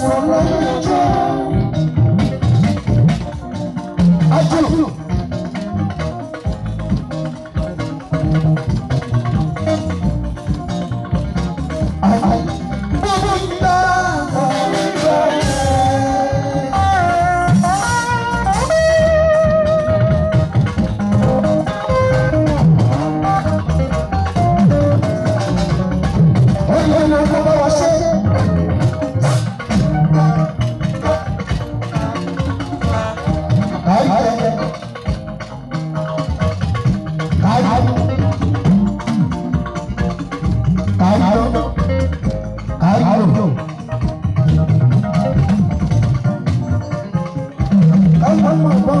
sọ̀rọ̀ ẹjọ́. Ajọ́.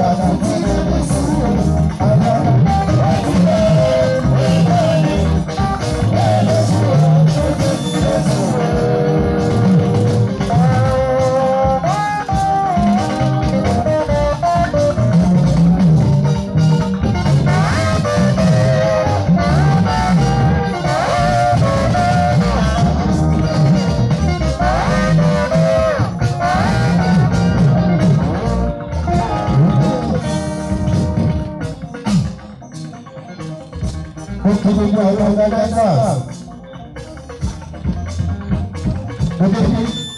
da da da mo kí gbogbo àwọn ọmọ Rivers. mo dé sí.